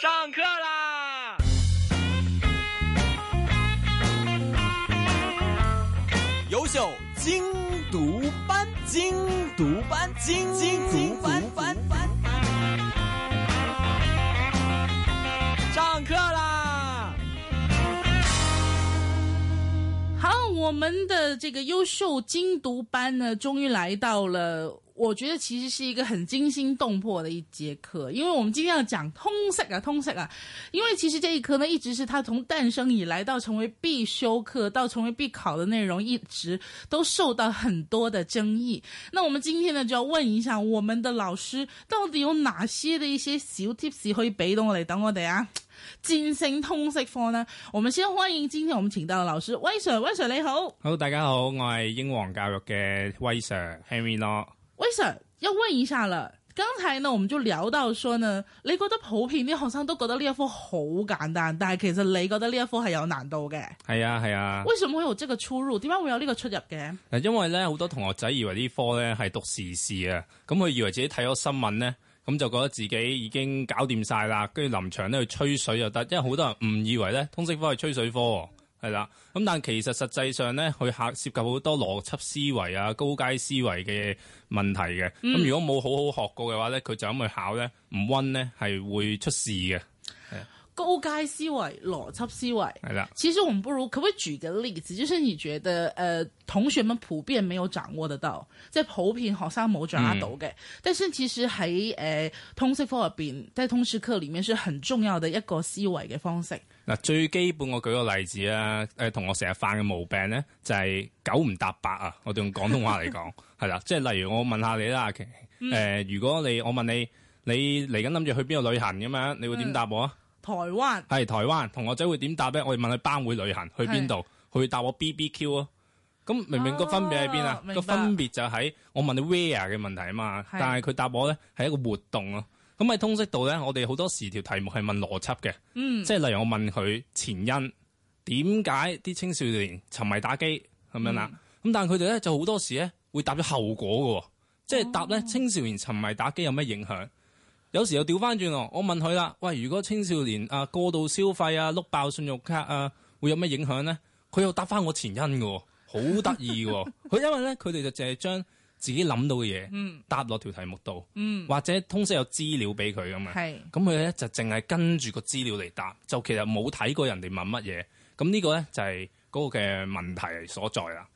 上課啦！優秀精讀班，精讀班，精讀班班班。上課啦！好，我們的這個優秀精讀班呢，終於來到了。我覺得其實是一個很驚心動魄的一節課，因為我們今天要講通識啊，通識啊。因為其實這一科呢，一直是他從誕生以來到成為必修課，到成為必考的內容，一直都受到很多的爭議。那我們今天呢，就要問一下我們的老師，到底有哪些的一些小 tips 可以俾到我哋，等我哋啊，戰勝通識科呢？我們先歡迎今天我們請到的老師，威 Sir，威 Sir 你好，好，大家好，我係英皇教育嘅威 Sir Henry Lo. 喂 Sir，要問一下啦。剛才呢，我們就聊到說呢，你覺得普遍啲學生都覺得呢一科好簡單，但係其實你覺得呢一科係有難度嘅。係啊係啊。為什麼會有這個出入？點解會有呢個出入嘅？嗱，因為咧好多同學仔以為呢科咧係讀時事啊，咁佢以為自己睇咗新聞咧，咁就覺得自己已經搞掂晒啦，跟住臨場咧去吹水就得，因為好多人誤以為咧通識科係吹水科。係啦，咁但係其實實際上咧，佢考涉及好多邏輯思維啊、高階思維嘅問題嘅。咁、嗯、如果冇好好學過嘅話咧，佢就咁去考咧，唔溫咧係會出事嘅。高階思維、邏輯思維係啦。其實我唔不如佢會舉個例子，就是你覺得誒、呃，同學們普遍沒有掌握得到。在、就是、普遍學生冇掌握得到嘅、嗯，但是其實喺誒、呃、通識科入邊，在通識課裏面是很重要的一個思維嘅方式。嗱，最基本我舉個例子啊，同學成日犯嘅毛病咧就係九唔搭八啊，我哋用廣東話嚟講，係 啦，即係例如我問下你啦，誒、嗯、如果你我問你，你嚟緊諗住去邊度旅行咁樣，你會點答我啊？台灣係台灣，同學仔會點答咧？我哋問佢班會旅行去邊度，佢答我 B B Q 啊。咁明明個分別喺邊啊？那個分那個分別就喺我問你 where 嘅問題啊嘛，但係佢答我咧係一個活動啊。咁喺通識度咧，我哋好多時條題目係問邏輯嘅，即、嗯、係例如我問佢前因點解啲青少年沉迷打機咁樣啦，咁、嗯、但係佢哋咧就好多時咧會答咗後果喎，即、就、係、是、答咧青少年沉迷打機有咩影響、哦？有時又調翻轉我問佢啦，喂，如果青少年啊過度消費啊碌爆信用卡啊，會有咩影響咧？佢又答翻我前因喎，好得意嘅，佢 因為咧佢哋就淨係將。自己諗到嘅嘢、嗯，答落條題目度、嗯，或者通識有資料俾佢咁啊，咁佢咧就淨係跟住個資料嚟答，就其實冇睇過人哋問乜嘢，咁呢個咧就係嗰個嘅問題所在啦。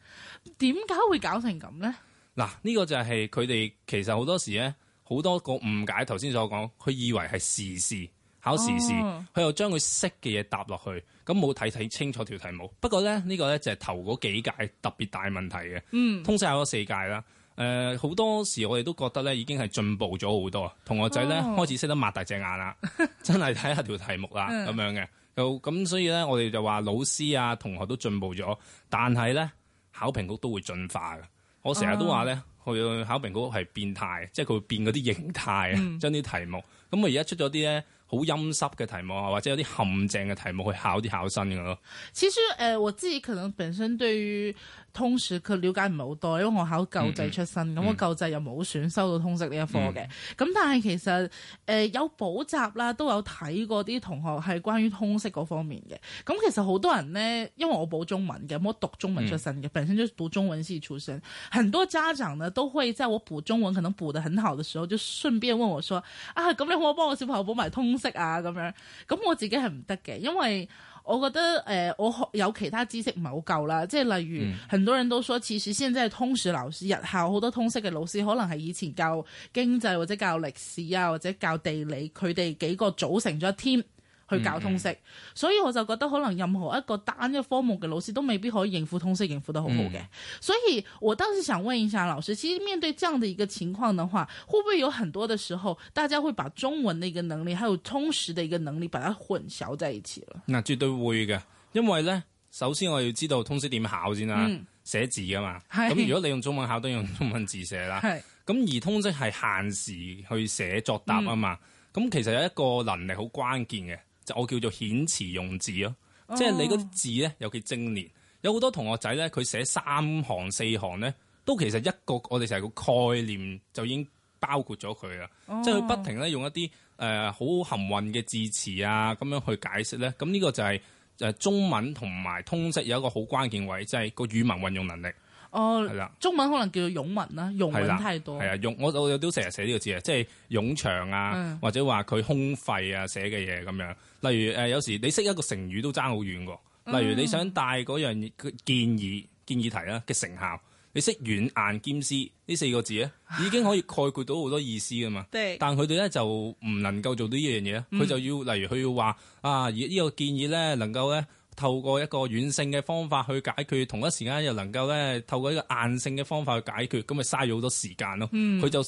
點解會搞成咁咧？嗱，呢個就係佢哋其實好多時咧好多個誤解，頭先所講，佢以為係時事考時事，佢、哦、又將佢識嘅嘢答落去，咁冇睇睇清楚條題目。不過咧，呢個咧就係頭嗰幾屆特別大問題嘅、嗯，通識考咗四屆啦。誒、呃，好多時我哋都覺得咧，已經係進步咗好多。同學仔咧、oh. 開始識得擘大隻眼啦， 真係睇下條題目啦咁 樣嘅。咁所以咧，我哋就話老師啊，同學都進步咗。但係咧，考評局都會進化嘅。我成日都話咧，佢、oh. 考評局係變態，即係佢會變嗰啲形態啊，將、嗯、啲題目。咁我而家出咗啲咧好陰濕嘅題目啊，或者有啲陷阱嘅題目去考啲考生咯。其實誒、呃，我自己可能本身對於。通識佢了解唔係好多，因為我考舊制出身，咁、嗯嗯、我舊制又冇選修到通識呢一科嘅。咁、嗯、但係其實誒、呃、有補習啦，都有睇過啲同學係關於通識嗰方面嘅。咁其實好多人咧，因為我補中文嘅，冇我讀中文出身嘅，本身都補中文先出身。很多家長呢都會即係我補中文可能補得很好嘅時候，就順便問我說啊，咁你可唔可以幫我小朋友補埋通識啊？咁樣，咁我自己係唔得嘅，因為。我覺得誒、呃，我有其他知識唔係好夠啦，即係例如、嗯、很多人都說，其實現在係通識老師，日校好多通識嘅老師，可能係以前教經濟或者教歷史啊，或者教地理，佢哋幾個組成咗 team。去教通識、嗯，所以我就覺得可能任何一個單一科目嘅老師都未必可以應付通識應付得好好嘅、嗯。所以我當時想問一下老師其實面對這樣的嘅一個情況嘅話，會唔會有很多嘅時候，大家會把中文嘅一個能力，還有通識嘅一個能力，把它混淆在一起咯？嗱、啊，絕對會嘅，因為呢，首先我要知道通識點考先啦，嗯、寫字啊嘛，咁如果你用中文考，都用中文字寫啦，咁而通識係限時去寫作答啊嘛，咁、嗯、其實有一個能力好關鍵嘅。就我叫做遣詞用字咯，即係你嗰啲字咧，尤其正年有好多同學仔咧，佢寫三行四行咧，都其實一個我哋成個概念就已經包括咗佢啦，oh. 即係佢不停咧用一啲誒好含混嘅字詞啊，咁樣去解釋咧，咁呢個就係誒中文同埋通識有一個好關鍵位，即係個語文運用能力。哦，係啦，中文可能叫做冗文啦、啊，冗文太多。係啊，冗，我我有都成日寫呢個字啊，即係冗長啊，或者話佢空廢啊寫的東西，寫嘅嘢咁樣。例如誒、呃，有時你識一個成語都爭好遠噶。例如你想帶嗰樣建議建議題啦嘅成效，你識軟硬兼施呢四個字咧，已經可以概括到好多意思噶嘛。對。但佢哋咧就唔能夠做到呢樣嘢，佢就要、嗯、例如佢要話啊，呢個建議咧能夠咧。透過一個軟性嘅方法去解決，同一時間又能夠咧透過一個硬性嘅方法去解決，咁咪嘥咗好多時間咯。佢、嗯、就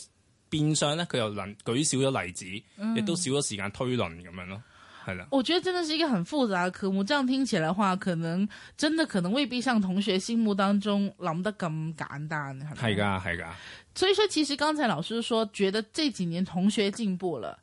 變相咧，佢又能舉少咗例子，亦、嗯、都少咗時間推論咁樣咯。係啦，我覺得真係一個很複雜嘅科目。這樣聽起來的話，可能真的可能未必像同學心目當中諗得咁簡單。係噶，係噶。所以說，其實剛才老師說，覺得這幾年同學進步了。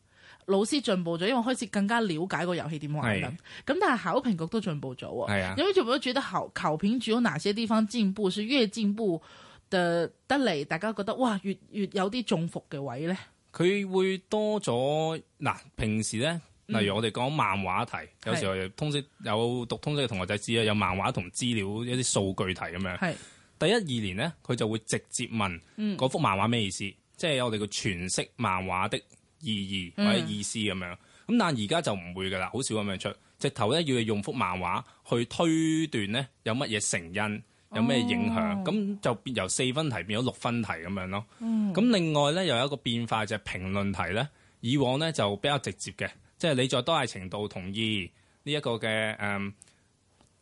老師進步咗，因為開始更加了解個遊戲點玩咁。咁但係考評局都進步咗喎，因為進步咗，覺得球球片主到哪些地方進步，屬於進步的得嚟，大家覺得哇，越越有啲中伏嘅位咧。佢會多咗嗱、啊，平時咧，例如我哋講漫畫題，嗯、有時候通識有讀通識嘅同學仔知啦，有漫畫同資料一啲數據題咁樣。係第一二年咧，佢就會直接問嗰幅漫畫咩意思，嗯、即係我哋嘅詮釋漫畫的。意義或者意思咁樣，咁、嗯、但而家就唔會噶啦，好少咁樣出，直頭咧要用幅漫畫去推斷咧有乜嘢成因，有咩影響，咁、哦、就由四分題變咗六分題咁樣咯。咁、嗯、另外咧又有一個變化就係、是、評論題咧，以往咧就比較直接嘅，即、就、係、是、你再多大程度同意呢一、這個嘅、嗯、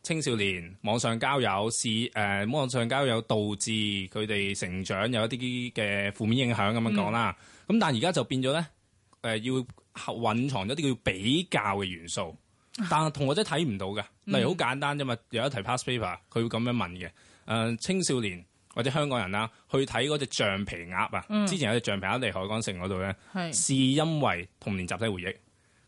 青少年網上交友是誒、呃、網上交友導致佢哋成長有一啲嘅負面影響咁樣講啦。咁、嗯、但而家就變咗咧。誒，要隱藏一啲叫比較嘅元素，但係同學仔睇唔到㗎。例如好簡單啫嘛，有一題 past paper 佢會咁樣問嘅。誒、呃，青少年或者香港人啦，去睇嗰隻橡皮鴨啊，之前有隻橡皮鴨嚟、嗯、海港城嗰度咧，係，是因為童年集體回憶。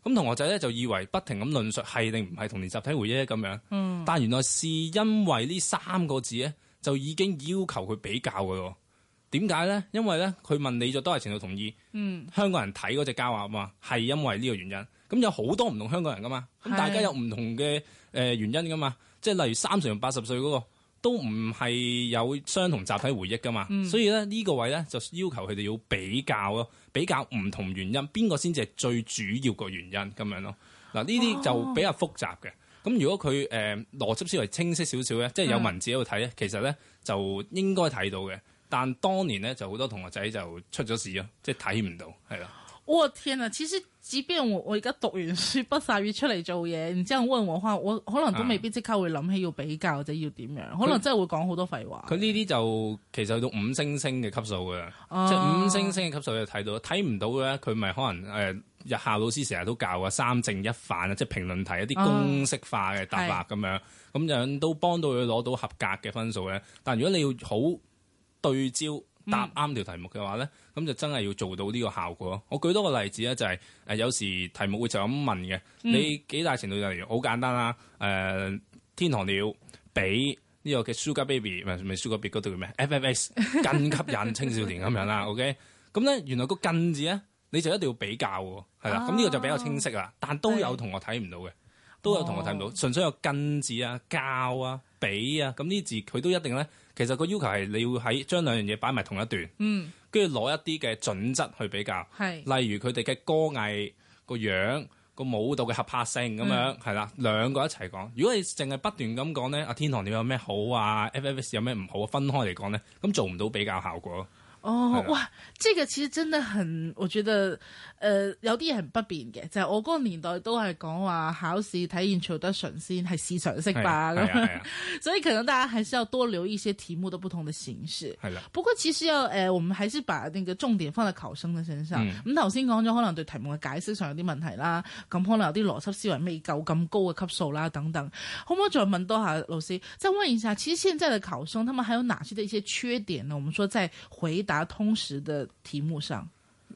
咁同學仔咧就以為不停咁論述係定唔係童年集體回憶咁樣、嗯，但原來是因為呢三個字咧，就已經要求佢比較㗎咯。點解咧？因為咧，佢問你就都係程度同意。嗯，香港人睇嗰隻膠盒嘛，係因為呢個原因。咁有好多唔同香港人噶嘛，咁、啊、大家有唔同嘅原因噶嘛，即係例如三十、那個、同八十歲嗰個都唔係有相同集體回憶噶嘛、嗯。所以咧呢個位咧就要求佢哋要比較咯，比較唔同原因邊個先至係最主要個原因咁樣咯。嗱呢啲就比較複雜嘅。咁、哦、如果佢誒、呃、邏輯思維清晰少少咧，即、就、係、是、有文字喺度睇咧，其實咧就應該睇到嘅。但當年咧，就好多同學仔就出咗事咯，即係睇唔到，係啦。我、oh, 天啊！其實即便我我而家讀完書畢曬業出嚟做嘢，然之後我可能都未必即刻會諗起要比較、嗯、或者要點樣，可能真係會講好多廢話。佢呢啲就其實係用五星星嘅級數嘅、嗯，即係五星星嘅級數就睇到，你睇到睇唔到嘅佢咪可能誒日、呃、校老師成日都教嘅三正一反啊，即係評論題、嗯、一啲公式化嘅答法咁、嗯、樣，咁樣都幫到佢攞到合格嘅分數嘅。但如果你要好，對焦答啱條題目嘅話咧，咁、嗯、就真係要做到呢個效果。我舉多個例子咧，就係、是、有時題目會就咁問嘅，你幾大程度就嚟？如好簡單啦、呃。天堂鳥比呢個嘅 Sugar Baby 唔係 Sugar Baby 嗰叫咩？FFS 更吸引青少年咁樣啦。 OK，咁咧原來個近字咧，你就一定要比較喎，係啦。咁呢個就比較清晰啦、啊，但都有同學睇唔到嘅。嗯都有同我睇唔到、哦，純粹有根字啊、膠啊、比啊，咁呢啲字佢都一定咧。其實個要求係你要喺將兩樣嘢擺埋同一段，跟住攞一啲嘅準則去比較，例如佢哋嘅歌藝、個樣、個舞蹈嘅合拍性咁、嗯、樣，係啦，兩個一齊講。如果你淨係不斷咁講咧，阿天堂點有咩好啊？FFS 有咩唔好啊？分開嚟講咧，咁做唔到比較效果。哦，哇！這個其實真的很，我覺得誒、呃，有啲嘢不便嘅，就係、是、我個年代都係講話考試體 t i 得順先係市常識吧樣。所以可能大家還是要多留意一些題目的不同的形式。係啦，不過其實要誒、呃，我們還是把那個重點放在考生的身上。咁頭先講咗，可能對題目嘅解釋上有啲問題啦，咁可能有啲邏輯思維未夠咁高嘅級數啦，等等。可唔可以再問多下老師，再問一下，其實現在的考生，他們還有哪些的一些缺點呢？我們說在回答。通識嘅題目上，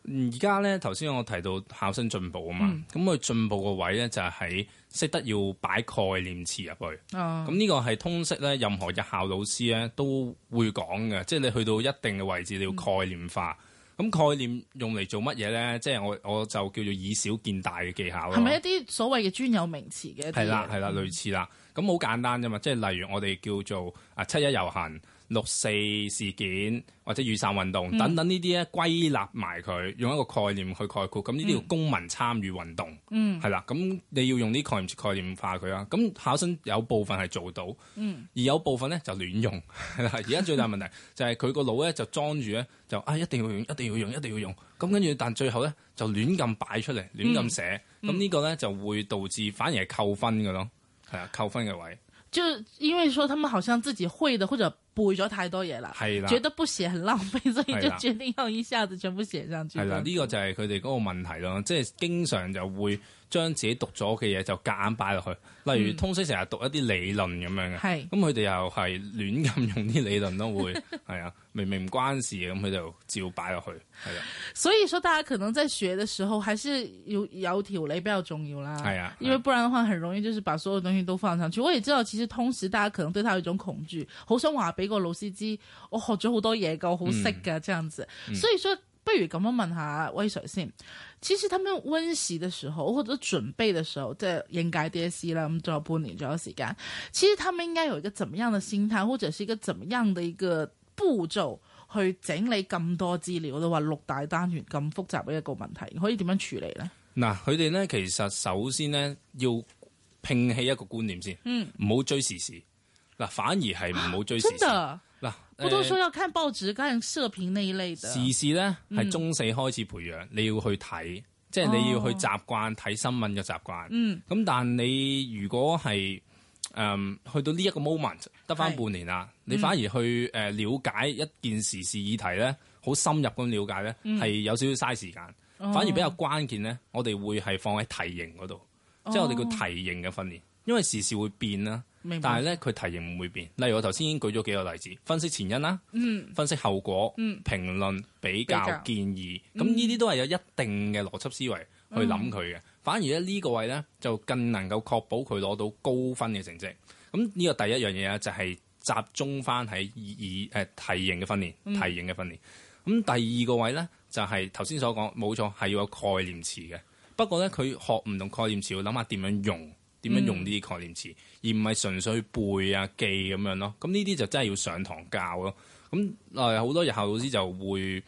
而家咧，頭先我提到考生進步啊嘛，咁佢進步個位咧就係喺識得要擺概念詞入去，咁，啊，呢個係通識咧，任何日校老師咧都會講嘅，即係你去到一定嘅位置，你要概念化，咁，嗯，概念用嚟做乜嘢咧？即係我我就叫做以小見大嘅技巧啦。係咪一啲所謂嘅專有名詞嘅？係啦，係啦，嗯，類似啦。咁好簡單啫嘛，即係例如我哋叫做啊七一遊行。六四事件或者雨傘運動、嗯、等等呢啲咧，歸納埋佢，用一個概念去概括，咁呢啲叫公民參與運動，係、嗯、啦。咁你要用啲概念概念化佢啊。咁考生有部分係做到、嗯，而有部分咧就亂用。而、嗯、家最大問題就係佢個腦咧就裝住咧就啊、哎、一定要用，一定要用，一定要用。咁跟住，但最後咧就亂咁擺出嚟，亂咁寫。咁、嗯、呢個咧就會導致反而係扣分嘅咯，係啊，扣分嘅位。就因為說，他們好像自己會的或者。背咗太多嘢啦，覺得不寫很浪費，所以就決定要一下子全部寫上去。係啦，呢個就係佢哋嗰個問題咯，即係經常就會。將自己讀咗嘅嘢就夾硬擺落去，例如通識成日讀一啲理論咁、嗯、樣嘅，咁佢哋又係亂咁用啲理論都會係 啊，明明唔關事嘅，咁佢就照擺落去，係啊。所以說大家可能在學嘅時候，還是要有條理比較重要啦。係啊，因為不然嘅話，很容易就是把所有東西都放上去。啊、我也知道，其實通識大家可能對他有一種恐懼，好想話俾個老師知，我學咗好多嘢，我好識嘅，這樣子、嗯嗯。所以說。不如咁樣問下威 Sir 先，其實他們溫習嘅時候或者準備嘅時候，即係應屆 DSE 啦，咁仲有半年左右時間。其實他們應該有一個怎麼樣嘅心態，或者是一個怎麼樣嘅一個步驟去整理咁多資料，就話六大單元咁複雜嘅一個問題，可以點樣處理咧？嗱，佢哋咧其實首先咧要摒棄一個觀念先，嗯，唔好追時事，嗱，反而係唔好追時事。啊。嗱，不都說要看報紙、看社評那一類的、呃、時事呢係中四開始培養、嗯，你要去睇，即、就、係、是、你要去習慣睇新聞嘅習慣。嗯，咁但你如果係誒、呃、去到呢一個 moment 得返半年啦、嗯，你反而去誒了解一件時事議題呢，好深入咁了解呢，係有少少嘥時間、哦，反而比較關鍵呢，我哋會係放喺題型嗰度、哦，即係我哋叫題型嘅訓練，因為時事會變啦。但係咧，佢題型唔會變。例如我頭先已經舉咗幾個例子，分析前因啦、嗯，分析後果，嗯、評論比、比較、建議，咁呢啲都係有一定嘅邏輯思維去諗佢嘅。反而咧，呢個位咧就更能夠確保佢攞到高分嘅成績。咁呢個第一樣嘢咧就係集中翻喺以誒題型嘅訓練，題、嗯、型嘅訓練。咁第二個位咧就係頭先所講冇錯，係要有概念詞嘅。不過咧，佢學唔同概念詞，要諗下點樣用。點樣用呢啲概念詞，嗯、而唔係純粹背啊記咁樣咯。咁呢啲就真係要上堂教咯。咁好多日校老師就會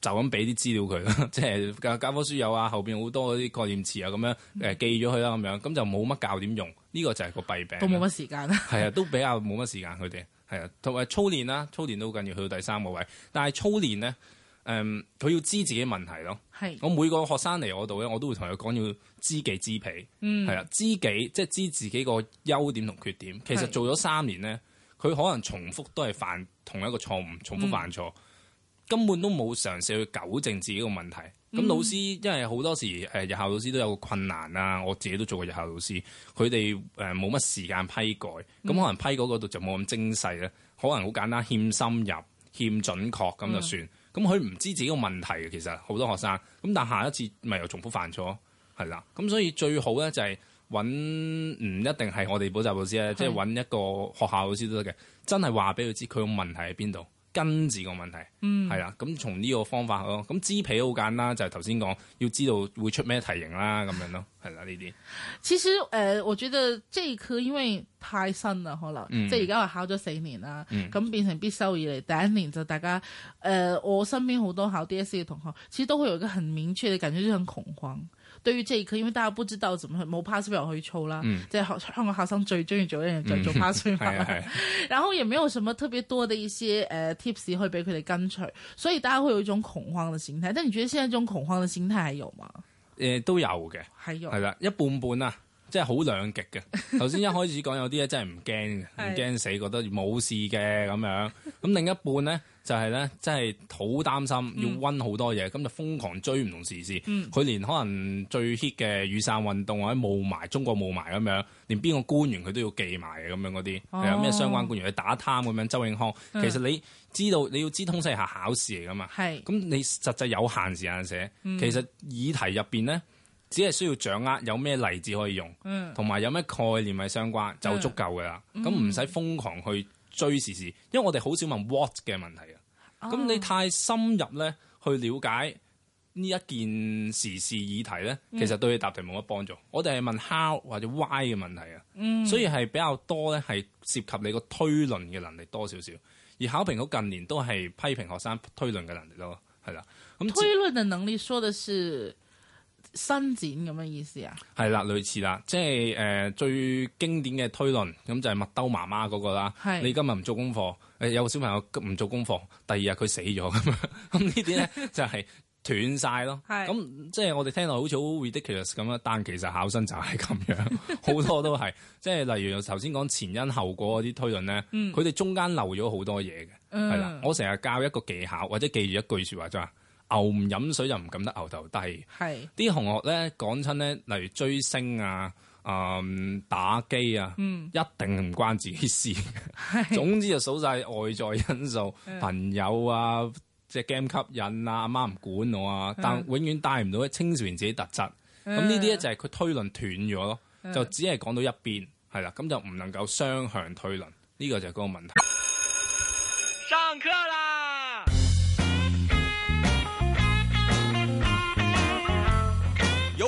就咁俾啲資料佢，即係教科書有啊，後面好多嗰啲概念詞啊咁樣誒記咗佢啦咁樣，咁、嗯、就冇乜教點用。呢、呢個就係個弊病。都冇乜時間啦係啊，都比較冇乜時間佢哋係啊，同埋操練啦、啊，操練都好緊要，去到第三個位。但係操練咧，佢、嗯、要知自己問題咯。係，我每個學生嚟我度咧，我都會同佢講要知己知彼，嗯、係啊、知己即係知自己個優點同缺點。其實做咗三年咧，佢可能重複都係犯同一個錯誤，重複犯錯，嗯、根本都冇嘗試去糾正自己個問題。咁、嗯、老師因為好多時、呃、日校老師都有個困難啊，我自己都做過日校老師，佢哋誒冇乜時間批改，咁、嗯、可能批改嗰度就冇咁精細。可能好簡單，欠深入、欠準確咁就算。嗯。咁佢唔知自己個問題嘅，其實好多學生，咁但下一次咪又重複犯錯，係啦，咁所以最好咧就係揾，唔一定係我哋補習老師咧，即係揾一個學校老師都得嘅，真係話俾佢知佢個問題喺邊度。跟住個問題，係、嗯、啦，咁從呢個方法咯，咁支皮好簡單，就係頭先講，要知道會出咩題型啦，咁樣咯，係啦呢啲。其實誒、呃，我覺得這一科因為太新啦，可能即係而家話考咗四年啦，咁、嗯、變成必修以嚟，第一年就大家誒、呃，我身邊好多考 DSE 嘅同學，其實都會有一個很明確嘅感覺，就係很恐慌。對於這一、個、刻，因為大家不知道怎麼冇 pass 錶可以抽啦,即係香港學生最中意做一樣嘢、嗯、就做 pass 錶 然後也沒有什麼特別多的一些誒 tips 可以俾佢哋跟隨，所以大家會有一種恐慌嘅心態。但你覺得現在這種恐慌嘅心態還有嗎？誒、呃，都有嘅，還有係啦，一半半啊。即係好兩極嘅。頭 先一開始講有啲真係唔驚，唔 驚死，覺得冇事嘅咁樣。咁 另一半咧就係、是、咧，真係好擔心，要温好多嘢，咁、嗯、就瘋狂追唔同時事。佢、嗯、連可能最 hit 嘅雨傘運動或者霧霾、中國霧霾咁樣，連邊個官員佢都要記埋咁樣嗰啲。又、哦、有咩相關官員去打貪咁樣？周永康、嗯、其實你知道你要知通識係考試嚟㗎嘛？係咁你實際有限時間寫，嗯、其實議題入邊咧。只係需要掌握有咩例子可以用，嗯、同埋有咩概念係相關就足夠噶啦。咁唔使瘋狂去追時事，因為我哋好少問 what 嘅問題啊。咁你太深入咧去了解呢一件時事議題咧、嗯，其實對你答題冇乜幫助。我哋係問 how 或者 why 嘅問題啊、嗯，所以係比較多咧係涉及你個推論嘅能力多少少。而考評局近年都係批評學生推論嘅能力咯，係啦。咁推論嘅能力，說嘅是？伸展咁嘅意思啊？係啦，類似啦，即係誒、呃、最經典嘅推論咁就係麥兜媽媽嗰、那個啦。係你今日唔做功課，誒有個小朋友唔做功課，第二日佢死咗咁樣。咁呢啲咧 就係斷晒咯。係咁，即係我哋聽落好似好 ridiculous 咁啊！但其實考生就係咁樣，好多都係 即係例如頭先講前因後果嗰啲推論咧，佢、嗯、哋中間漏咗好多嘢嘅。係、嗯、啦，我成日教一個技巧或者記住一句説話就話。牛唔飲水就唔敢得牛頭低，啲同學咧講親咧，例如追星啊、嗯打機啊、嗯，一定唔關自己事。總之就數晒外在因素、嗯，朋友啊、即 game 吸引啊、阿媽唔管我啊、嗯，但永遠帶唔到青少年自己特質。咁呢啲咧就係佢推論斷咗咯、嗯，就只係講到一邊，係啦，咁就唔能夠雙向推論。呢、呢個就係個問題。上課啦！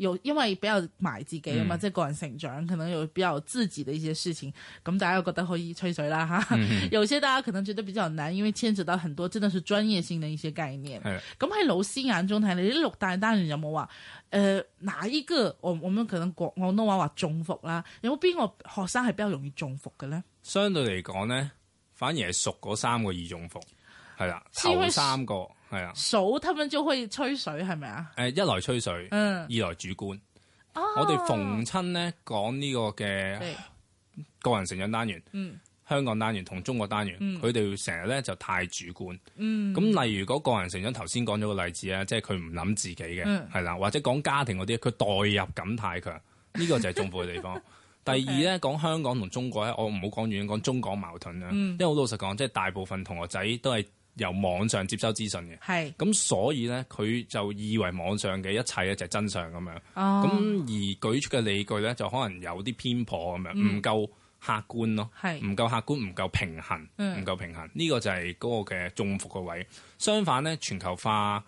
有，因為比較埋自己啊嘛，嗯、即係個人成長，可能有比較自己嘅一些事情，咁大家覺得可以吹水啦嚇。嗯、 有些大家可能覺得比較難，因為牽涉到很多真的是專業性嘅一些概念。咁喺老師眼中睇你呢六大單元，大家有冇話，誒哪一個？我我們可能廣，廣東話話中伏啦，有冇邊個學生係比較容易中伏嘅咧？相對嚟講咧，反而係熟嗰三個易中伏，係啦，頭三個。係啊，數吞吞就可以吹水，係咪啊？誒、呃，一來吹水，嗯，二來主觀。啊、我哋逢親咧講呢個嘅個人成長單元，嗯，香港單元同中國單元，佢哋成日咧就太主觀，嗯，咁例如嗰個，個人成長頭先講咗個例子啊，即係佢唔諗自己嘅，係、嗯、啦、啊，或者講家庭嗰啲，佢代入感太強，呢、這個就係痛苦嘅地方。 第二咧講、okay. 香港同中國咧，我唔好講遠，講中港矛盾啊、嗯，因為好老實講，即、就、係、是、大部分同學仔都係。由網上接收資訊嘅，咁所以咧，佢就以為網上嘅一切咧就係真相咁樣。咁、哦、而舉出嘅理據咧，就可能有啲偏頗咁樣，唔夠客觀咯，唔夠客觀，唔夠平衡，唔夠平衡。呢個就係嗰個嘅中伏嘅位。相反咧，全球化、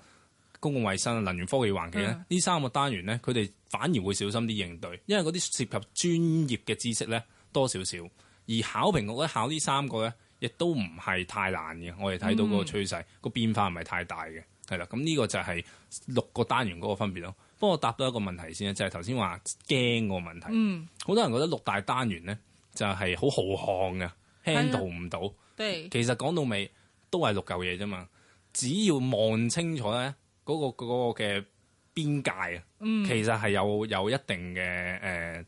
公共衛生、能源科技環境咧，呢三個單元咧，佢哋反而會小心啲應對，因為嗰啲涉及專業嘅知識咧多少少，而考評局咧考呢三個咧。亦都唔係太難嘅，我哋睇到嗰個趨勢，嗯、個變化唔係太大嘅，係啦。咁呢個就係六個單元嗰個分別咯。不過我答到一個問題先，就係頭先話驚個問題。嗯，好多人覺得六大單元咧就係、是、好浩瀚嘅，handle 唔到。嗯、其實講到尾都係六嚿嘢啫嘛。只要望清楚咧，嗰、嗰個嘅、嗰個、邊界啊，嗯、其實係有有一定嘅誒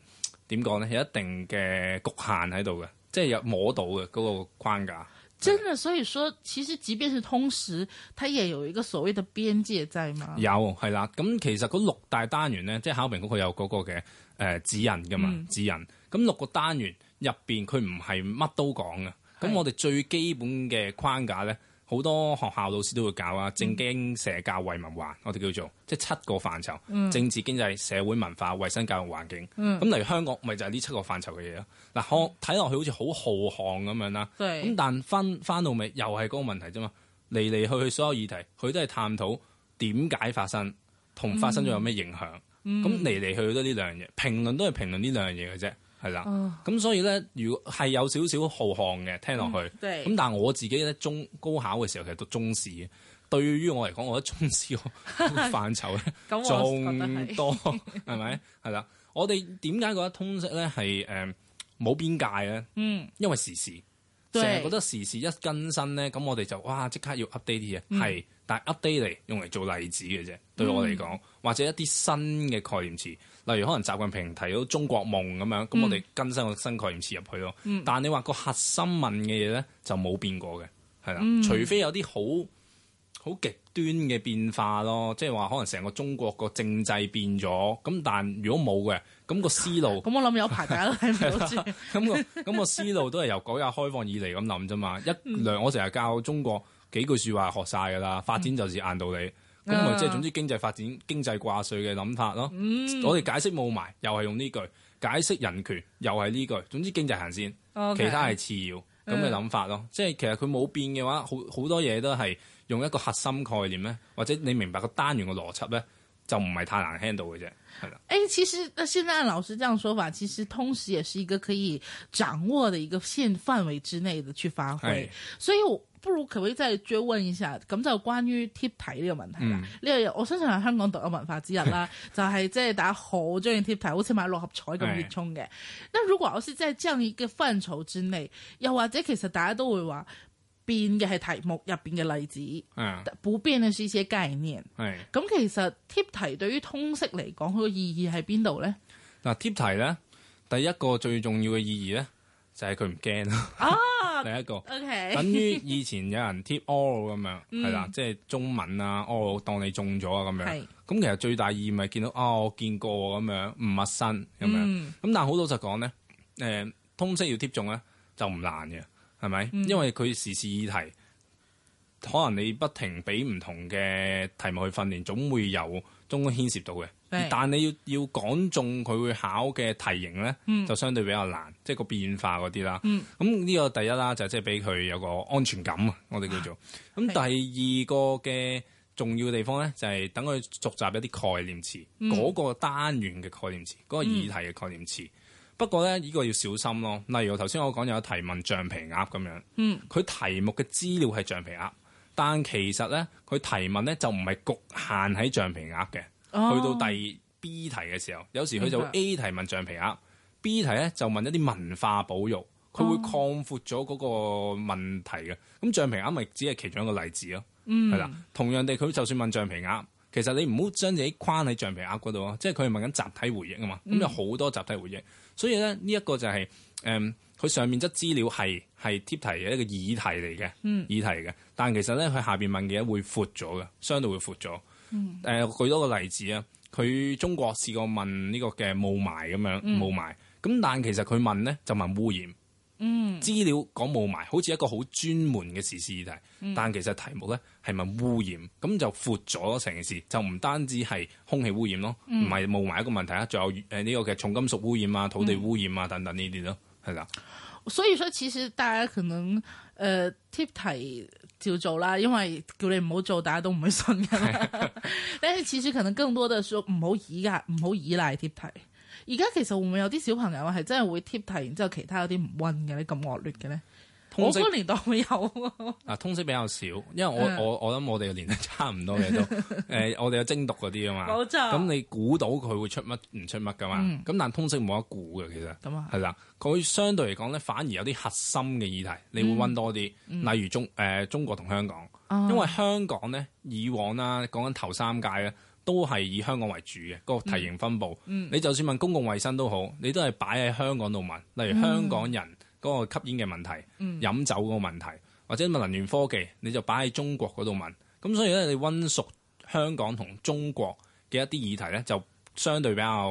點講咧，有一定嘅、呃、局限喺度嘅。即係有摸到嘅嗰、那個框架，真嘅。係。所以說，說其實即便是通識，它也有一個所謂嘅邊界在嘛？有係啦。咁其實嗰六大單元咧，即係考評，局佢有嗰個嘅誒指引噶嘛？指引咁、嗯、六個單元入邊，佢唔係乜都講嘅。咁我哋最基本嘅框架咧。好多學校老師都會搞啊，政經社教惠文化，我哋叫做即係七個範疇：嗯、政治、經濟、社會、文化、衛生、教育、環境。咁、嗯、嚟香港咪就係、是、呢七個範疇嘅嘢咯。嗱，看睇落去好似好浩瀚咁樣啦。咁但翻翻到尾又係嗰個問題啫嘛。嚟嚟去去所有議題，佢都係探討點解發生同發生咗有咩影響。咁嚟嚟去去都呢兩樣嘢，評論都係評論呢兩樣嘢嘅啫。係啦，咁、哦、所以咧，如果係有少少浩瀚嘅，聽落去，咁、嗯、但係我自己咧，中高考嘅時候其實讀中史嘅，對於我嚟講，我覺得中史嘅範疇咧仲多，係 咪？係啦，我哋點解覺得通識咧係誒冇邊界咧？嗯，因為時事，成日覺得時事一更新咧，咁我哋就哇即刻要 update 啲嘢，係、嗯，但係 update 嚟用嚟做例子嘅啫，對我嚟講、嗯，或者一啲新嘅概念詞。例如可能習近平提到中國夢咁樣，咁、嗯、我哋更新個新概念詞入去咯、嗯。但你話個核心問嘅嘢咧，就冇變過嘅，係啦、嗯。除非有啲好好極端嘅變化咯，即係話可能成個中國個政制變咗。咁但如果冇嘅，咁、咁個思路咁、啊、我諗有排大咯、啊。咁、 咁個咁、咁個思路都係由改革開放以嚟咁諗啫嘛。一兩我成日教中國幾句説話學晒㗎啦，發展就是硬道理。嗯嗯。咁咪即係總之經濟發展、啊、經濟掛帥嘅諗法咯。嗯、我哋解釋霧霾又係用呢句，解釋人權又係呢句。總之經濟行先，哦、okay, 其他係次要咁嘅諗法咯。嗯、即係其實佢冇變嘅話，好好多嘢都係用一個核心概念咧，或者你明白個單元嘅邏輯咧，就唔係太難 handle 嘅啫。係啦。誒、欸，其實，那現在老師這樣說法，其實通識也是一個可以掌握的一個線範圍之內的去發揮。所以我。不如佢會真係追問一下，以前咁就關於貼題呢個問題啦。呢、嗯、個我相信係香港獨有文化之一啦， 就係即係大家好中意貼題，好似買六合彩咁熱衷嘅。那如果我先即係將你嘅範疇轉嚟，又或者其實大家都會話變嘅係題目入邊嘅例子，普遍嘅書寫概念。係咁，其實貼題對於通識嚟講，佢個意義喺邊度咧？嗱、啊，貼題咧，第一個最重要嘅意義咧。就係佢唔驚咯，第 一個，OK，等於以前有人 tip all 咁樣，啦、嗯，即係中文啊，all 當你中咗啊咁樣。咁其實最大意義咪見到啊，我見過咁樣唔陌生咁樣。咁、嗯、但好老實講咧，通識要貼中咧就唔難嘅，係咪？因為佢時事議題可能你不停俾唔同嘅題目去訓練，總會有中間牽涉到嘅。但你要要講中佢會考嘅題型咧，就相對比較難，嗯、即係個變化嗰啲啦。咁、嗯、呢個第一啦，就即係俾佢有個安全感啊。我哋叫做咁。第二個嘅重要地方咧，就係等佢續集一啲概念詞嗰個單元嘅概念詞，嗰、嗯嗰個議題嘅概念詞。那個念詞，嗯、不過咧，呢、呢個要小心咯。例如頭先我講有提問「橡皮鴨」咁樣，佢、嗯、題目嘅資料係橡皮鴨，但其實咧佢提問咧就唔係局限喺橡皮鴨嘅。去到第 B 題嘅時候，oh. 有時佢就會 A 題問橡皮鴨、okay.，B 題咧就問一啲文化保育，佢、oh. 會擴闊咗嗰個問題嘅。咁橡皮鴨咪只係其中一個例子咯，係、mm. 啦。同樣地，佢就算問橡皮鴨，其實你唔好將自己框喺橡皮鴨嗰度啊，即係佢係問緊集體回憶啊嘛。咁、mm. 嗯、有好多集體回憶，所以咧呢一個就係、是、誒，佢、嗯、上面則資料係係貼題嘅一個議題嚟嘅、mm. 議題嘅，但其實咧佢下邊問嘅會闊咗嘅，相對會闊咗。誒、嗯呃，舉多個例子啊！佢中國試過問呢個嘅霧霾咁樣霧、嗯、霾，咁但其實佢問咧就問污染。嗯，資料講霧霾，好似一個好專門嘅時事議題、嗯，但其實題目咧係問污染，咁就闊咗成件事，就唔單止係空氣污染咯，唔係霧霾一個問題啊，仲有誒呢個嘅重金屬污染啊、土地污染啊、嗯、等等呢啲咯，係啦。所以說，其實大家可能誒貼題。呃照做啦，因為叫你唔好做，大家都唔會信噶。但是其實可能更多嘅，說唔好依賴，唔好依賴貼題。而家其實會唔會有啲小朋友係真係會貼題，然之後其他有啲唔溫嘅，咧咁惡劣嘅咧？通我嗰年代會有啊，通識比較少，因為我、嗯、我我諗我哋嘅年齡差唔多嘅都，誒、 呃、我哋有精讀嗰啲啊嘛，咁你估到佢會出乜唔出乜噶嘛？咁、嗯、但係通識冇得估嘅其實，係、嗯、啦，佢相對嚟講咧，反而有啲核心嘅議題，你會溫多啲，嗯、例如中誒、呃、中國同香港，哦、因為香港咧以往啦、啊，講緊頭三屆咧、啊，都係以香港為主嘅、那個題型分布。嗯、你就算問公共衞生都好，你都係擺喺香港度問，例如香港人。嗯嗯嗰、那個吸煙嘅問題、飲酒嗰個問題，或者問能源科技，你就擺喺中國嗰度問。咁所以咧，你温熟香港同中國嘅一啲議題咧，就相對比較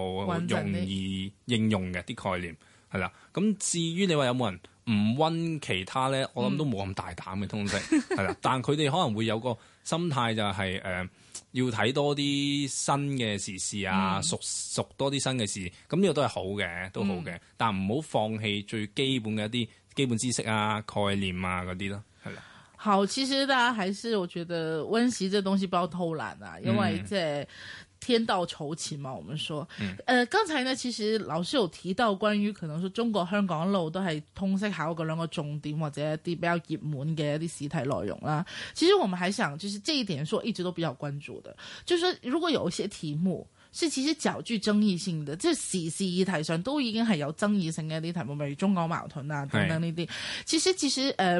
容易應用嘅啲概念係啦。咁至於你話有冇人唔温其他咧，我諗都冇咁大膽嘅通識係啦、嗯。 但佢哋可能會有個心態就係、是、誒。呃要睇多啲新嘅時事啊，嗯、熟熟多啲新嘅事，咁呢個都係好嘅，都好嘅、嗯。但唔好放棄最基本嘅一啲基本知識啊、概念啊嗰啲咯，係啦。好，其實大家還是，我覺得温習呢啲東西不要偷懶啊，嗯、因為即係。天道酬勤嘛，我們說，誒、嗯呃，剛才呢，其實老師有提到關於可能說中國香港路都係通識考嗰兩個重點或者一啲比較熱門嘅一啲試題內容啦。其實我們還想，就是這一點說一直都比較關注的，就是如果有一些題目是其實較具爭議性的，即係時事議題上都已經係有爭議性嘅一啲題目，例如中港矛盾啊等等呢啲。其實其實誒。呃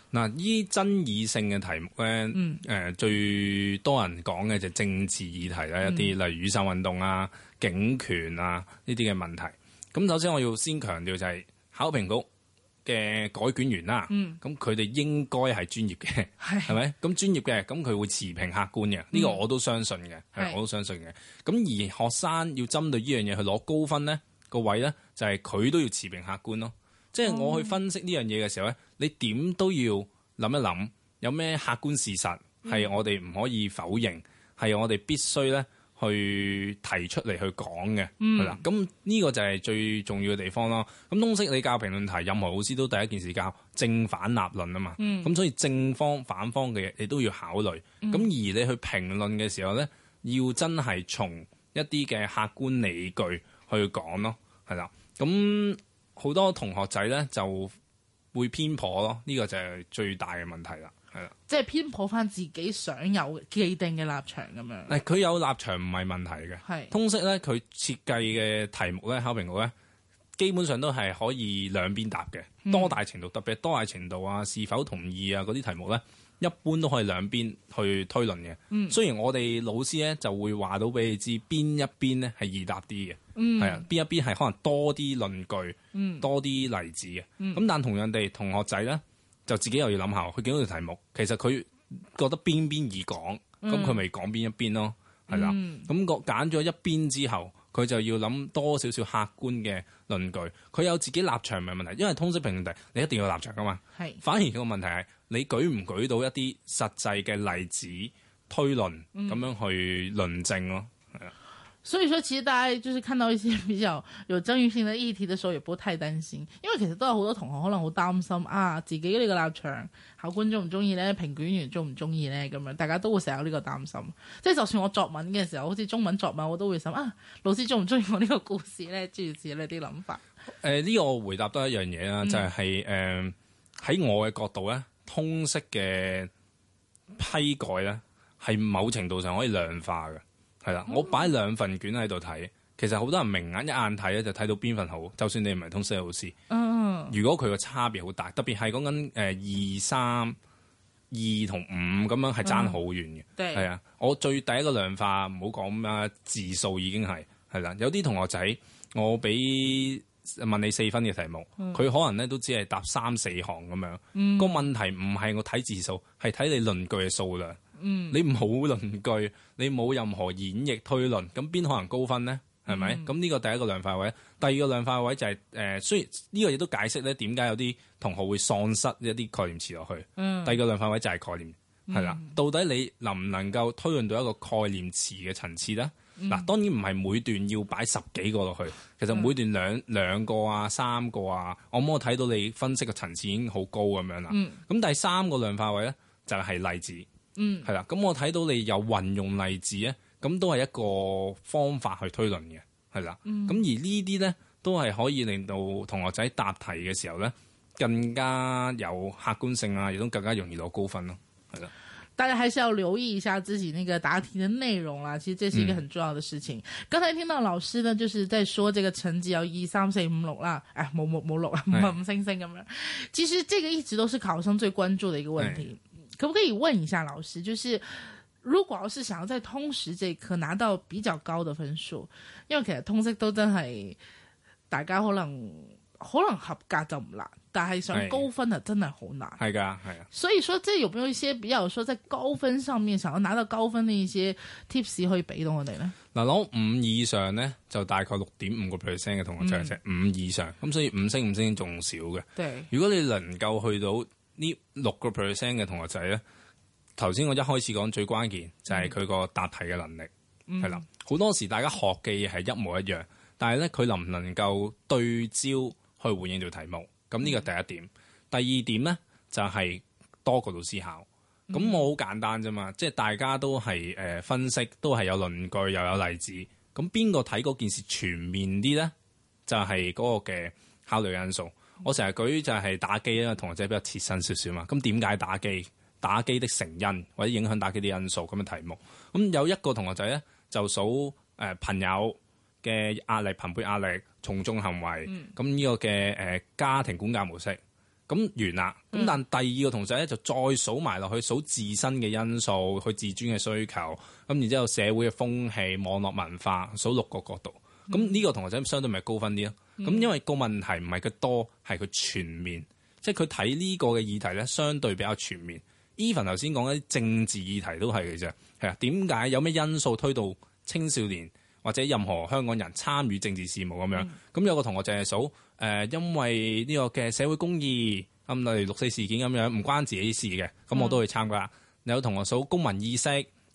嗱，依爭議性嘅題目咧、嗯呃，最多人講嘅就係政治議題啦、嗯，一啲例如雨傘運動啊、警權啊呢啲嘅問題。咁首先我要先強調就係、是、考評局嘅改卷員啦、啊，咁佢哋應該係專業嘅，係咪？咁專業嘅，咁佢會持平客觀嘅，呢、嗯這個我都相信嘅，係、嗯、我都相信嘅。咁而學生要針對呢樣嘢去攞高分呢，個位呢就係佢都要持平客觀咯。哦、即係我去分析呢樣嘢嘅時候呢。你點都要諗一諗，有咩客觀事實係我哋唔可以否認，係、嗯、我哋必須咧去提出嚟去講嘅，係啦、嗯。咁呢個就係最重要嘅地方咯。咁通識你教評論題，任何老師都第一件事教正反立論啊嘛。咁、嗯、所以正方反方嘅嘢你都要考慮。咁、嗯、而你去評論嘅時候咧，要真係從一啲嘅客觀理據去講咯，係啦。咁好多同學仔咧就，會偏頗咯，呢個就係最大嘅問題啦，係啦。即係偏頗翻自己想有既定嘅立場咁樣。誒，佢有立場唔係問題嘅，係通識咧，佢設計嘅題目咧，考評局咧，基本上都係可以兩邊答嘅、嗯，多大程度，特別多大程度啊，是否同意啊嗰啲題目咧，一般都可以兩邊去推論嘅。雖、嗯、雖然我哋老師咧就會話到俾你知邊一邊咧係易答啲嘅。嗯，係啊，邊一邊係可能多啲論據，多啲例子嘅，咁、嗯、但同樣地，同學仔咧就自己又要諗下，佢見到條題目，其實佢覺得邊邊易講，咁佢咪講邊一邊咯，係啦，咁、嗯那個揀咗一邊之後，佢就要諗多少少客觀嘅論據，佢有自己立場唔係問題，因為通識評題你一定要立場噶嘛，係，反而個問題係你舉唔舉到一啲實際嘅例子推論咁樣去論證咯。所以說，其實大家就是看到一些比較有爭議性的議題的時候，也不太擔心，因為其實都有好多同學可能好擔心啊，自己呢個立場，考官中唔中意咧，評卷員中唔中意呢，咁樣大家都會成日有呢個擔心。即係就算我作文嘅時候，好似中文作文，我都會想啊，老師中唔中意我呢個故事咧？諸如此類啲諗法。誒、呃，呢個我回答多一樣嘢啦，就係誒喺我嘅角度呢，通識嘅批改呢，係某程度上可以量化嘅。係啦，我擺兩份卷喺度睇，其實好多人明眼一眼睇咧就睇到邊份好。就算你唔係通識老師，嗯，如果佢個差別好大，特別係講緊誒二三二同五咁樣係爭好遠嘅，係、嗯、啊。我最第一個量化，唔好講咩字數已經係係啦。有啲同學仔，我俾問你四分嘅題目，佢、嗯、可能咧都只係答三四行咁樣。嗯，個問題唔係我睇字數，係睇你論據嘅數量。你冇論據，你冇任何演繹推論，咁邊可能高分呢？係咪？咁呢個第一個量化位，第二個量化位就係、是、誒，雖然呢個亦都解釋咧點解有啲同學會喪失一啲概念詞落去、嗯。第二個量化位就係概念係、嗯、啦，到底你能唔能夠推論到一個概念詞嘅層次呢？嗱、嗯，當然唔係每段要擺十幾個落去，其實每段兩兩個啊三個啊，我冇睇到你分析嘅層次已經好高咁樣啦。咁、嗯、第三個量化位咧就係例子。嗯，係啦，咁我睇到你有運用例子咧，咁都係一個方法去推論嘅，係啦，咁、嗯、而呢啲咧都係可以令到同學仔答題嘅時候咧更加有客觀性啊，亦都更加容易攞高分咯，係啦。大家還是要留意一下自己那個答題嘅內容啦，其實這是一個很重要的事情。剛、嗯、才聽到老師呢，就是在說這個成績有二三四五六啦，哎，冇冇冇六啊，五五星星咁樣，其實這個一直都是考生最關注的一個問題。可唔可以問一下老師，就是如果要是想要在通識這科拿到比較高嘅分數，因為其實通識都真係大家可能可能合格就唔難，但係想高分啊真係好難。係噶，係啊。所以說，即係有冇有一些比較說，即係高分上面想要拿到高分嘅一些 tips 可以俾到我哋咧？嗱，攞五以上咧，就大概六點五個 percent 嘅同學就係只五以上，咁所以五星五星仲少嘅。對，如果你能夠去到。呢六個 percent 嘅同學仔咧，頭先我一開始講最關鍵就係佢個答題嘅能力，係、嗯、啦。好、嗯、多時大家學嘅嘢係一模一樣，但係咧佢能唔能夠對焦去回應到題目？咁呢個第一點。嗯、第二點咧就係、是、多角度思考。咁我好簡單啫嘛、嗯，即係大家都係誒分析，都係有論據又有例子。咁邊個睇嗰件事全面啲咧？就係、是、嗰個嘅考慮因素。我成日舉就係打機啦，同學仔比較切身少少嘛。咁點解打機？打機的成因或者影響打機的因素咁嘅題目。咁有一個同學仔咧，就數朋友嘅壓力、朋輩壓力、從眾行為。咁、嗯、呢、呢個嘅家庭管教模式。咁完啦。咁、嗯、但第二個同學仔咧就再數埋落去，數自身嘅因素、佢自尊嘅需求。咁然之後社會嘅風氣、網絡文化，數六個角度。咁、這、呢個同學仔相對咪高分啲咯？咁、嗯、因為個問題唔係佢多，係佢全面，即係佢睇呢個嘅議題咧，相對比較全面。Even 頭先講啲政治議題都係嘅啫，係啊？點解有咩因素推到青少年或者任何香港人參與政治事務咁樣？咁、嗯、有個同學就係數誒，因為呢個嘅社會公義，咁例如六四事件咁樣唔關自己事嘅，咁我都去參加、嗯。有同學數公民意識。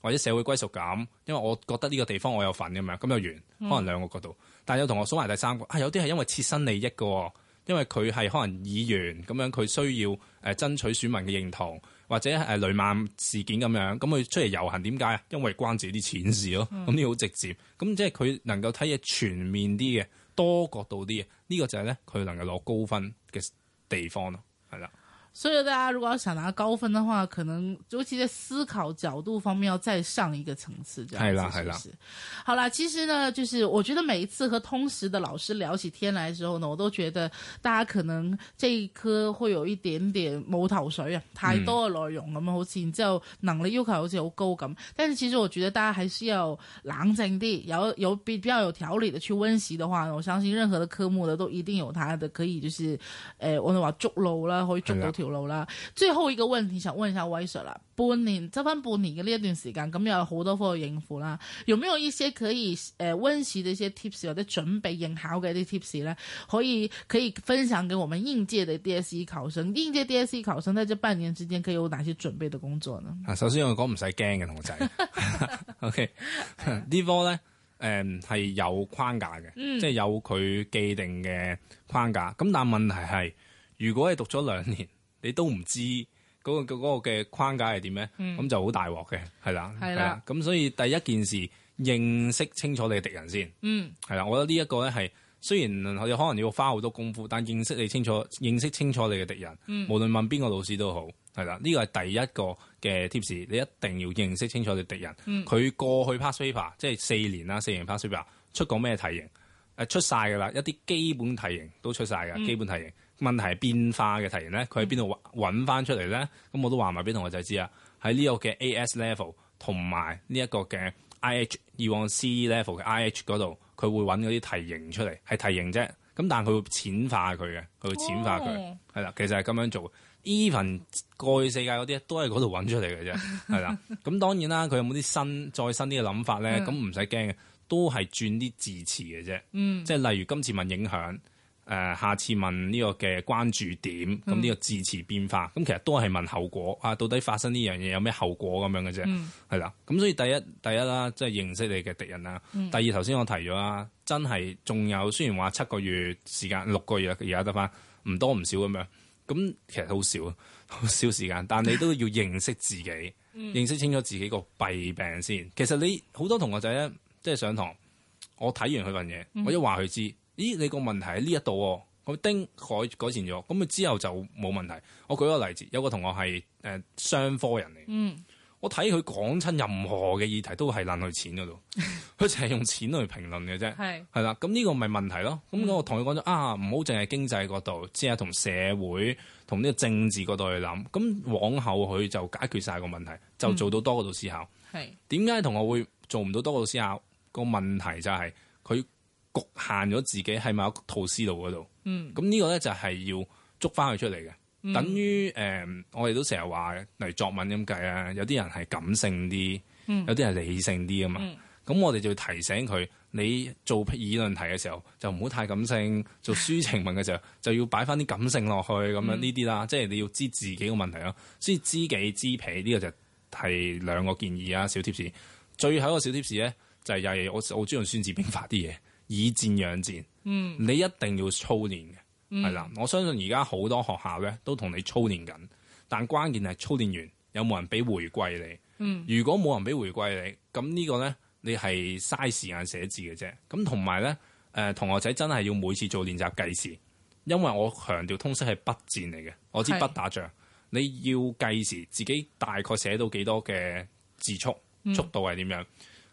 或者社會歸屬感，因為我覺得呢個地方我有份咁樣，咁就完。可能兩個角度，嗯、但係有同學數埋第三個，啊有啲係因為切身利益嘅、哦，因為佢係可能議員咁樣，佢需要誒、呃、爭取選民嘅認同，或者誒、呃、雷曼事件咁樣，咁佢出嚟遊行點解啊？因為關自己啲錢事咯，咁呢好直接。咁即係佢能夠睇嘢全面啲嘅，多角度啲嘅，呢、這個就係咧佢能夠攞高分嘅地方咯，係啦。所以大家如果要想拿高分的話，可能尤其在思考角度方面要再上一個層次，這樣子。是，是，是，是，好啦，其實呢，就是我覺得每一次和通識的老師聊起天來的時候呢，我都覺得大家可能這一科會有一點點謀討誰啊，太多的內容，咁、嗯、樣，我們好似然之後能力要求好似有高咁。但是其實我覺得大家還是要冷靜啲，有有比比較有條理的去溫習的話呢，我相信任何的科目的都一定有它的可以，就是誒、呃，我哋話捉漏啦，或者築高啦，最後一個問題想問一下威 Sir 啦，半年執返半年嘅呢一段時間，咁又有好多科要應付啦，有冇有一些可以誒溫習嘅一些 tips 或者準備應考嘅啲 tips 咧？可以可以分享給我們應屆嘅 DSE 考生，應屆 DSE 考生在呢半年之間，可以有哪些準備的工作呢？首先我講，唔使驚嘅，同學仔 ，OK、嗯、呢科咧誒係有框架嘅，即係有佢既定嘅框架。咁但問題係，如果你讀咗兩年。你都唔知嗰、那個嘅、那個那個、框架係點咧？咁、嗯、就好大鑊嘅，係啦，係啦。咁、嗯、所以第一件事認識清楚你嘅敵人先，係、嗯、啦。我覺得呢一個咧係雖然你可能要花好多功夫，但認識你清楚、認識清楚你嘅敵人、嗯，無論問邊個老師都好，係啦。呢、這個係第一個嘅 tips，你一定要認識清楚你敵人。佢、嗯、過去 past paper 即係四年啦，四年 past paper 出過咩題型？誒、呃，出晒噶啦，一啲基本題型都出晒嘅、嗯，基本題型。問題係變化嘅題型咧，佢喺邊度揾揾翻出嚟咧？咁我都話埋俾同學仔知啊。喺呢個嘅 AS Level 同埋呢一個嘅 I.H. 以往 C Level 嘅 I.H. 度，佢會揾嗰啲題型出嚟，係題型啫。咁但係佢會淺化佢嘅，佢會淺化佢，係啦。其實係咁樣做，even 過去世界嗰啲都係喺嗰度揾出嚟嘅啫，係啦。咁當然啦，佢有冇啲新再新啲嘅諗法咧？咁唔使驚嘅，都係轉啲字詞嘅啫。嗯，即係例如今次問影響。誒、呃，下次問呢個嘅關注點，咁、嗯、呢個字詞變化，咁其實都係問後果啊，到底發生呢樣嘢有咩後果咁樣嘅啫，係、嗯、啦。咁所以第一，第一啦，即、就、係、是、認識你嘅敵人啦、嗯。第二，頭先我提咗啦，真係仲有，雖然話七個月時間，六個月而家得翻，唔多唔少咁樣。咁其實好少，好少時間，但你都要認識自己、嗯，認識清楚自己個弊病先。其實你好多同學仔咧，即係上堂，我睇完佢份嘢，我一話佢知。嗯嗯咦，你個問題喺呢一度，佢丁改改善咗，咁佢之後就冇問題。我舉個例子，有個同學係商科人嚟、嗯，我睇佢講親任何嘅議題都係撚去錢嗰度，佢淨係用錢去評論嘅啫，係 啦，咁、嗯、呢個咪問題咯。咁、嗯、我同佢講咗啊，唔好淨係經濟嗰度，試下同社會、同呢個政治角度去諗。咁往後佢就解決晒個問題，就做到多個度思考。係點解同學會做唔到多個度思考？嗰個問題就係、是。局限咗自己喺埋一套思路嗰度，咁、嗯、呢個咧就係要捉翻佢出嚟嘅，嗯。等於誒、呃，我哋都成日話嚟作文咁計啊。有啲人係感性啲，嗯，有啲係理性啲啊嘛。咁、嗯、我哋就要提醒佢，你做議論題嘅時候就唔好太感性，做抒情文嘅時候就要擺翻啲感性落去咁樣呢啲，嗯、啦。即、就、係、是、你要知自己嘅問題咯，所以「知己知彼」呢、這個就係兩個建議啊。小貼士，最後一個小貼士咧就係又係我我專用孫子兵法啲嘢。以戰養戰、嗯，你一定要操練嘅，係、嗯、啦。我相信而家好多學校咧都同你操練緊，但關鍵係操練完有冇人俾回饋你。嗯、如果冇人俾回饋你，咁呢個咧你係嘥時間寫字嘅啫。咁同埋咧，誒同學仔真係要每次做練習計時，因為我強調通識係筆戰嚟嘅，我知筆打仗，你要計時自己大概寫到幾多嘅字速，速度係點樣、嗯，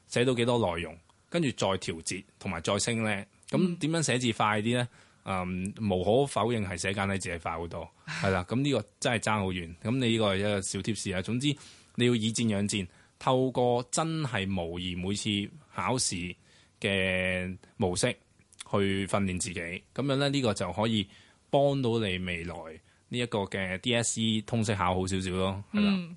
寫到幾多內容。跟住再調節同埋再升呢，咁點樣寫字快啲呢？誒、嗯，無可否認係寫簡體字係快好多，係 啦。咁呢個真係爭好遠。咁你呢個係一個小貼士啊。總之你要以戰養戰，透過真係模擬每次考試嘅模式去訓練自己。咁樣呢，呢、呢個就可以幫到你未來呢一個嘅 DSE 通識考好少少咯，係啦。嗯